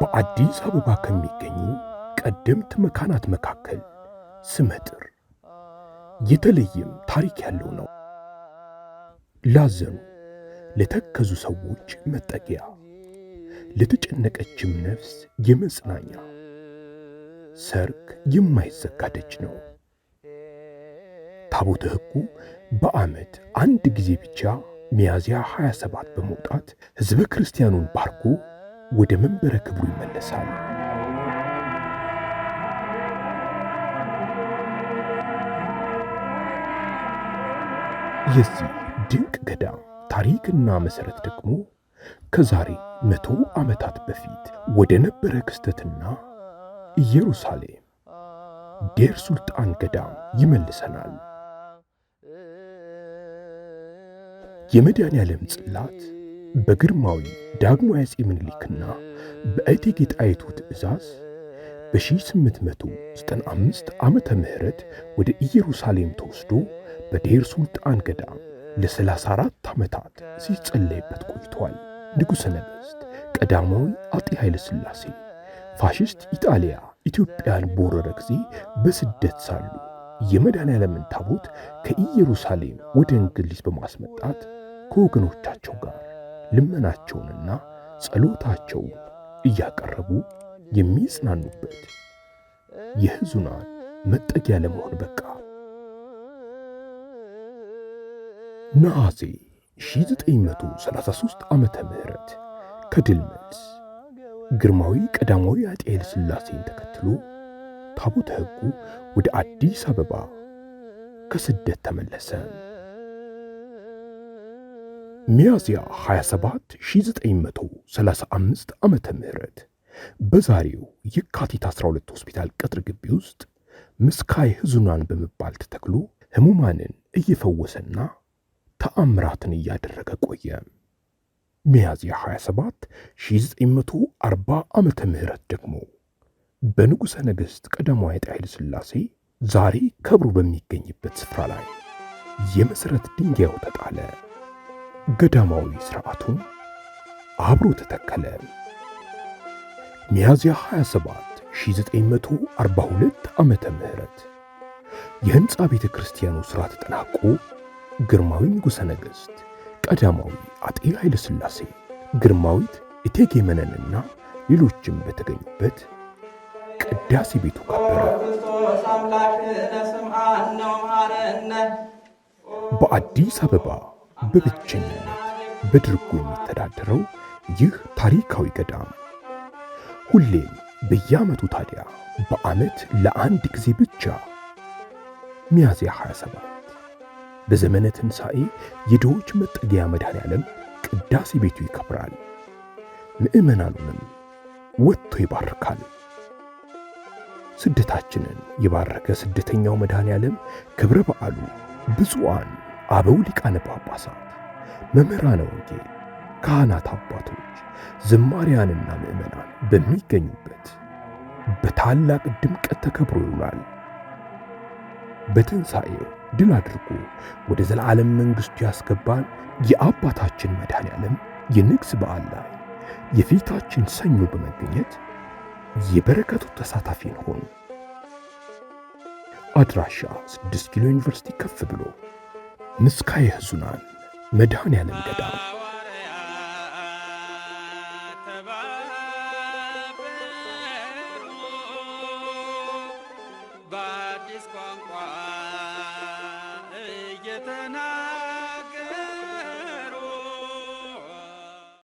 በአዲስ አበባ ከሚገኙ ቀደምት መካናት መካከል ስመጥር የተለየም ታሪክ ያለው ነው። ላዘኑ ለተከዙ ሰዎች መጠጊያ፣ ለተጨነቀችም ነፍስ የመጽናኛ ሰርክ የማይዘጋ ደጅ ነው። ታቦተ ሕጉ በዓመት አንድ ጊዜ ብቻ ሚያዝያ 27 በመውጣት ሕዝበ ክርስቲያኑን ባርኮ ወደ መንበረ ክብሩ ይመለሳል። የዚህ ድንቅ ገዳም ታሪክና መሠረት ደግሞ ከዛሬ መቶ ዓመታት በፊት ወደ ነበረ ክስተትና ኢየሩሳሌም ዴር ሱልጣን ገዳም ይመልሰናል። የመድኃኔዓለም ጽላት በግርማዊ ዳግማዊ አፄ ምኒልክና በእቴጌ ጣይቱ ትእዛዝ በ1895 ዓመተ ምህረት ወደ ኢየሩሳሌም ተወስዶ በዴር ሱልጣን ገዳም ለ34 ዓመታት ሲጸለይበት ቆይቷል። ንጉሠ ነገሥት ቀዳማዊ አጤ ኃይለ ሥላሴ ፋሽስት ኢጣሊያ ኢትዮጵያን በወረረ ጊዜ በስደት ሳሉ የመድኃኔዓለምን ታቦት ከኢየሩሳሌም ወደ እንግሊዝ በማስመጣት ከወገኖቻቸው ጋር ልመናቸውንና ጸሎታቸውን እያቀረቡ የሚጽናኑበት የሕዙናን መጠጊያ ለመሆን በቃ። ነሐሴ 1933 ዓ ምህረት ከድል መልስ ግርማዊ ቀዳማዊ አጤ ኃይለ ሥላሴን ተከትሎ ታቦተ ሕጉ ወደ አዲስ አበባ ከስደት ተመለሰ። ሚያዝያ 27 1935 ዓመተ ምህረት በዛሬው የካቲት 12 ሆስፒታል ቅጥር ግቢ ውስጥ ምስካይ ህዙናን በመባል ተተክሎ ህሙማንን እየፈወሰና ተአምራትን እያደረገ ቆየ። ሚያዝያ 27 1940 ዓ ምህረት ደግሞ በንጉሠ ነገሥት ቀዳማዊ ኃይለ ሥላሴ ዛሬ ከብሩ በሚገኝበት ስፍራ ላይ የመሠረት ድንጋዩ ተጣለ። ገዳማዊ ሥርዓቱን አብሮ ተተከለ። ሚያዝያ 27 1942 ዓመተ ምህረት የሕንፃ ቤተ ክርስቲያኑ ሥራ ተጠናቆ ግርማዊ ንጉሠ ነገሥት ቀዳማዊ አጤ ኃይለ ሥላሴ ግርማዊት እቴጌ መነንና ሌሎችም በተገኙበት ቅዳሴ ቤቱ ከበረ። በአዲስ አበባ በብቸኛነት በድርጎ የሚተዳደረው ይህ ታሪካዊ ገዳም ሁሌም በየዓመቱ ታዲያ በዓመት ለአንድ ጊዜ ብቻ ሚያዝያ 27 በዘመነ ትንሣኤ የድሆች መጠጊያ መድኃኔ ዓለም ቅዳሴ ቤቱ ይከብራል። ምዕመናኑንም ወጥቶ ይባርካል። ስደታችንን የባረከ ስደተኛው መድኃኔ ዓለም ክብረ በዓሉ ብፁዓን አበው ሊቃነ ጳጳሳት፣ መምህራነ ወንጌል፣ ካህናት አባቶች፣ ዝማሪያንና ምእመናን በሚገኙበት በታላቅ ድምቀት ተከብሮ ይውላል። በትንሣኤው ድል አድርጎ ወደ ዘላለም መንግሥቱ ያስገባን የአባታችን መድኃኔ ዓለም የንግሥ በዓል ላይ የፊታችን ሰኞ በመገኘት የበረከቱ ተሳታፊ እንሆን። አድራሻ 6 ኪሎ ዩኒቨርሲቲ ከፍ ብሎ ምስካየ ሕዙናን መድኃኔ ዓለም ገዳም በአዲስ ቋንቋ እየተና